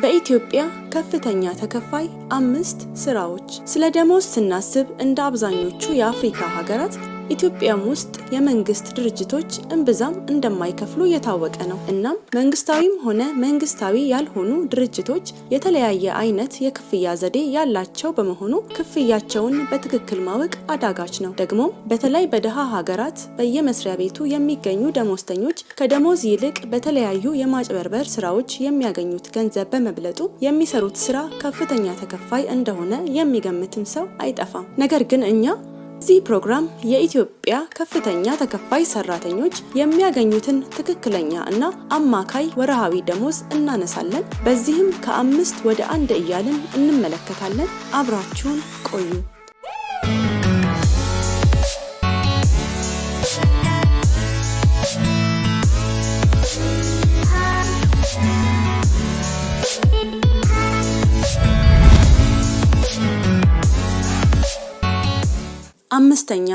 በኢትዮጵያ ከፍተኛ ተከፋይ አምስት ስራዎች። ስለ ደሞዝ ስናስብ እንደ አብዛኞቹ የአፍሪካ ሀገራት ኢትዮጵያም ውስጥ የመንግስት ድርጅቶች እምብዛም እንደማይከፍሉ የታወቀ ነው። እናም መንግስታዊም ሆነ መንግስታዊ ያልሆኑ ድርጅቶች የተለያየ አይነት የክፍያ ዘዴ ያላቸው በመሆኑ ክፍያቸውን በትክክል ማወቅ አዳጋች ነው። ደግሞ በተለይ በደሃ ሀገራት በየመስሪያ ቤቱ የሚገኙ ደሞዝተኞች ከደሞዝ ይልቅ በተለያዩ የማጭበርበር ስራዎች የሚያገኙት ገንዘብ በመብለጡ የሚሰሩት ስራ ከፍተኛ ተከፋይ እንደሆነ የሚገምትም ሰው አይጠፋም። ነገር ግን እኛ እዚህ ፕሮግራም የኢትዮጵያ ከፍተኛ ተከፋይ ሰራተኞች የሚያገኙትን ትክክለኛ እና አማካይ ወርሃዊ ደሞዝ እናነሳለን። በዚህም ከአምስት ወደ አንድ እያልን እንመለከታለን። አብራችሁን ቆዩ። አምስተኛ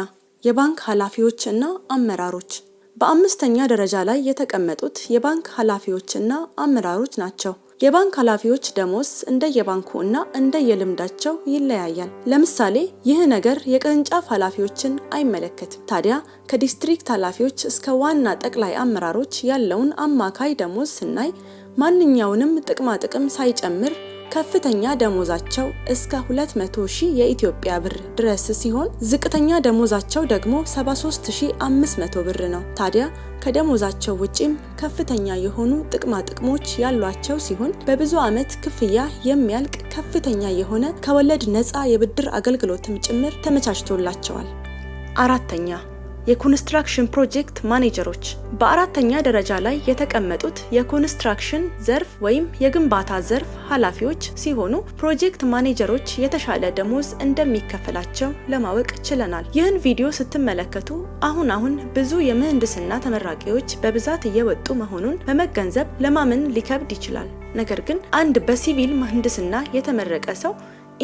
የባንክ ኃላፊዎች እና አመራሮች በአምስተኛ ደረጃ ላይ የተቀመጡት የባንክ ኃላፊዎች እና አመራሮች ናቸው። የባንክ ኃላፊዎች ደሞዝ እንደየባንኩ እና እንደየልምዳቸው ይለያያል። ለምሳሌ ይህ ነገር የቅርንጫፍ ኃላፊዎችን አይመለከትም። ታዲያ ከዲስትሪክት ኃላፊዎች እስከ ዋና ጠቅላይ አመራሮች ያለውን አማካይ ደሞዝ ስናይ ማንኛውንም ጥቅማጥቅም ሳይጨምር ከፍተኛ ደሞዛቸው እስከ 200 ሺህ የኢትዮጵያ ብር ድረስ ሲሆን ዝቅተኛ ደሞዛቸው ደግሞ 73500 ብር ነው። ታዲያ ከደሞዛቸው ውጪም ከፍተኛ የሆኑ ጥቅማ ጥቅሞች ያሏቸው ሲሆን በብዙ ዓመት ክፍያ የሚያልቅ ከፍተኛ የሆነ ከወለድ ነፃ የብድር አገልግሎትም ጭምር ተመቻችቶላቸዋል። አራተኛ የኮንስትራክሽን ፕሮጀክት ማኔጀሮች። በአራተኛ ደረጃ ላይ የተቀመጡት የኮንስትራክሽን ዘርፍ ወይም የግንባታ ዘርፍ ኃላፊዎች ሲሆኑ ፕሮጀክት ማኔጀሮች የተሻለ ደሞዝ እንደሚከፈላቸው ለማወቅ ችለናል። ይህን ቪዲዮ ስትመለከቱ አሁን አሁን ብዙ የምህንድስና ተመራቂዎች በብዛት እየወጡ መሆኑን በመገንዘብ ለማመን ሊከብድ ይችላል። ነገር ግን አንድ በሲቪል ምህንድስና የተመረቀ ሰው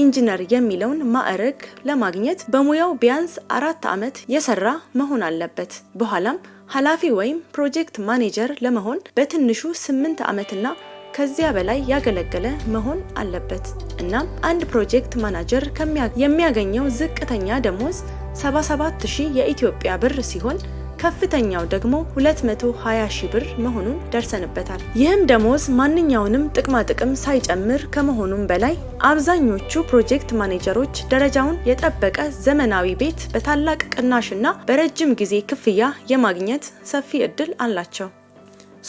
ኢንጂነር የሚለውን ማዕረግ ለማግኘት በሙያው ቢያንስ አራት ዓመት የሰራ መሆን አለበት። በኋላም ኃላፊ ወይም ፕሮጀክት ማኔጀር ለመሆን በትንሹ ስምንት ዓመትና ከዚያ በላይ ያገለገለ መሆን አለበት። እናም አንድ ፕሮጀክት ማናጀር የሚያገኘው ዝቅተኛ ደሞዝ 77000 የኢትዮጵያ ብር ሲሆን ከፍተኛው ደግሞ 220 ሺህ ብር መሆኑን ደርሰንበታል። ይህም ደሞዝ ማንኛውንም ጥቅማ ጥቅም ሳይጨምር ከመሆኑም በላይ አብዛኞቹ ፕሮጀክት ማኔጀሮች ደረጃውን የጠበቀ ዘመናዊ ቤት በታላቅ ቅናሽና በረጅም ጊዜ ክፍያ የማግኘት ሰፊ እድል አላቸው።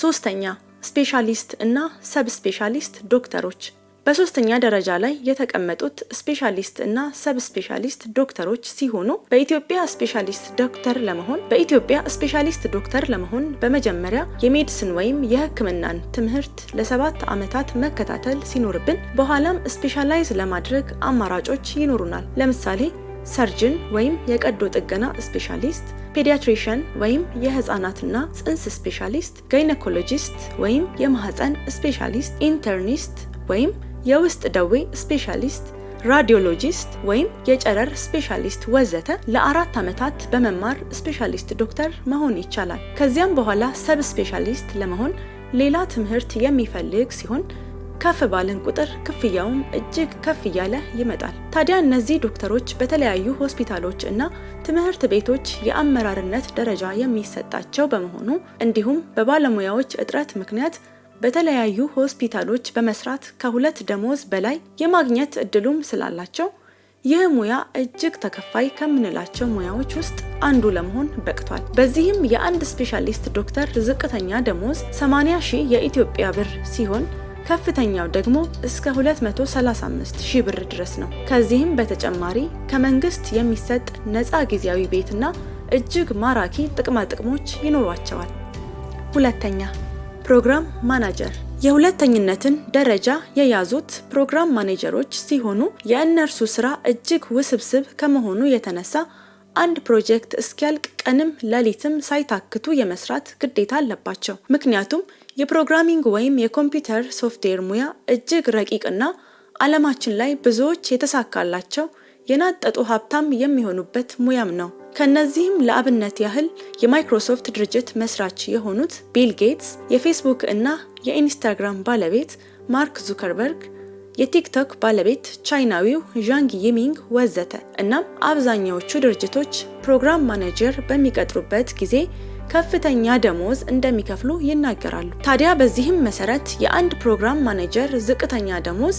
ሶስተኛ ስፔሻሊስት እና ሰብ ስፔሻሊስት ዶክተሮች በሶስተኛ ደረጃ ላይ የተቀመጡት ስፔሻሊስት እና ሰብ ስፔሻሊስት ዶክተሮች ሲሆኑ በኢትዮጵያ ስፔሻሊስት ዶክተር ለመሆን በኢትዮጵያ ስፔሻሊስት ዶክተር ለመሆን በመጀመሪያ የሜዲስን ወይም የሕክምናን ትምህርት ለሰባት ዓመታት መከታተል ሲኖርብን በኋላም ስፔሻላይዝ ለማድረግ አማራጮች ይኖሩናል። ለምሳሌ ሰርጅን ወይም የቀዶ ጥገና ስፔሻሊስት፣ ፔዲያትሪሽን ወይም የህፃናትና ጽንስ ስፔሻሊስት፣ ጋይኔኮሎጂስት ወይም የማህፀን ስፔሻሊስት፣ ኢንተርኒስት ወይም የውስጥ ደዌ ስፔሻሊስት፣ ራዲዮሎጂስት ወይም የጨረር ስፔሻሊስት ወዘተ ለአራት ዓመታት በመማር ስፔሻሊስት ዶክተር መሆን ይቻላል። ከዚያም በኋላ ሰብ ስፔሻሊስት ለመሆን ሌላ ትምህርት የሚፈልግ ሲሆን ከፍ ባለን ቁጥር ክፍያውም እጅግ ከፍ እያለ ይመጣል። ታዲያ እነዚህ ዶክተሮች በተለያዩ ሆስፒታሎች እና ትምህርት ቤቶች የአመራርነት ደረጃ የሚሰጣቸው በመሆኑ እንዲሁም በባለሙያዎች እጥረት ምክንያት በተለያዩ ሆስፒታሎች በመስራት ከሁለት ደሞዝ በላይ የማግኘት እድሉም ስላላቸው ይህ ሙያ እጅግ ተከፋይ ከምንላቸው ሙያዎች ውስጥ አንዱ ለመሆን በቅቷል። በዚህም የአንድ ስፔሻሊስት ዶክተር ዝቅተኛ ደሞዝ 80 ሺህ የኢትዮጵያ ብር ሲሆን ከፍተኛው ደግሞ እስከ 235 ሺህ ብር ድረስ ነው። ከዚህም በተጨማሪ ከመንግስት የሚሰጥ ነፃ ጊዜያዊ ቤትና እጅግ ማራኪ ጥቅማ ጥቅሞች ይኖሯቸዋል። ሁለተኛ ፕሮግራም ማናጀር የሁለተኝነትን ደረጃ የያዙት ፕሮግራም ማኔጀሮች ሲሆኑ የእነርሱ ስራ እጅግ ውስብስብ ከመሆኑ የተነሳ አንድ ፕሮጀክት እስኪያልቅ ቀንም ሌሊትም ሳይታክቱ የመስራት ግዴታ አለባቸው። ምክንያቱም የፕሮግራሚንግ ወይም የኮምፒውተር ሶፍትዌር ሙያ እጅግ ረቂቅና ዓለማችን ላይ ብዙዎች የተሳካላቸው የናጠጡ ሀብታም የሚሆኑበት ሙያም ነው። ከእነዚህም ለአብነት ያህል የማይክሮሶፍት ድርጅት መስራች የሆኑት ቢል ጌትስ፣ የፌስቡክ እና የኢንስታግራም ባለቤት ማርክ ዙከርበርግ፣ የቲክቶክ ባለቤት ቻይናዊው ዣንግ ይሚንግ ወዘተ። እናም አብዛኛዎቹ ድርጅቶች ፕሮግራም ማኔጀር በሚቀጥሩበት ጊዜ ከፍተኛ ደሞዝ እንደሚከፍሉ ይናገራሉ። ታዲያ በዚህም መሰረት የአንድ ፕሮግራም ማኔጀር ዝቅተኛ ደሞዝ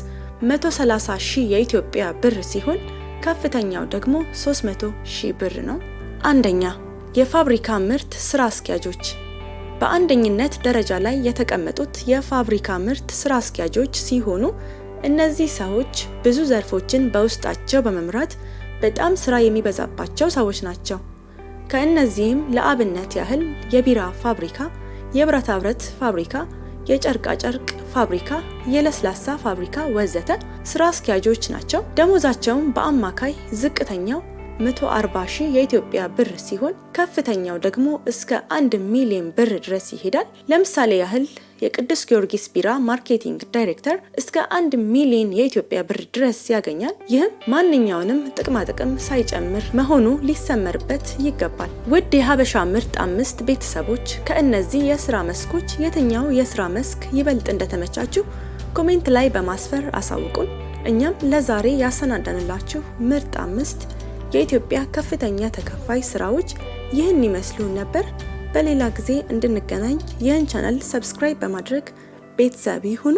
130 ሺህ የኢትዮጵያ ብር ሲሆን ከፍተኛው ደግሞ 300 ሺህ ብር ነው። አንደኛ የፋብሪካ ምርት ስራ አስኪያጆች በአንደኝነት ደረጃ ላይ የተቀመጡት የፋብሪካ ምርት ስራ አስኪያጆች ሲሆኑ እነዚህ ሰዎች ብዙ ዘርፎችን በውስጣቸው በመምራት በጣም ስራ የሚበዛባቸው ሰዎች ናቸው። ከእነዚህም ለአብነት ያህል የቢራ ፋብሪካ፣ የብረታ ብረት ፋብሪካ፣ የጨርቃጨርቅ ፋብሪካ፣ የለስላሳ ፋብሪካ ወዘተ ስራ አስኪያጆች ናቸው። ደሞዛቸውም በአማካይ ዝቅተኛው 140 ሺህ የኢትዮጵያ ብር ሲሆን ከፍተኛው ደግሞ እስከ 1 ሚሊዮን ብር ድረስ ይሄዳል። ለምሳሌ ያህል የቅዱስ ጊዮርጊስ ቢራ ማርኬቲንግ ዳይሬክተር እስከ 1 ሚሊዮን የኢትዮጵያ ብር ድረስ ያገኛል። ይህም ማንኛውንም ጥቅማጥቅም ሳይጨምር መሆኑ ሊሰመርበት ይገባል። ውድ የሀበሻ ምርጥ አምስት ቤተሰቦች ከእነዚህ የስራ መስኮች የትኛው የስራ መስክ ይበልጥ እንደተመቻችሁ ኮሜንት ላይ በማስፈር አሳውቁን። እኛም ለዛሬ ያሰናዳንላችሁ ምርጥ አምስት የኢትዮጵያ ከፍተኛ ተከፋይ ስራዎች ይህን ይመስሉ ነበር። በሌላ ጊዜ እንድንገናኝ ይህን ቻናል ሰብስክራይብ በማድረግ ቤተሰብ ይሁኑ።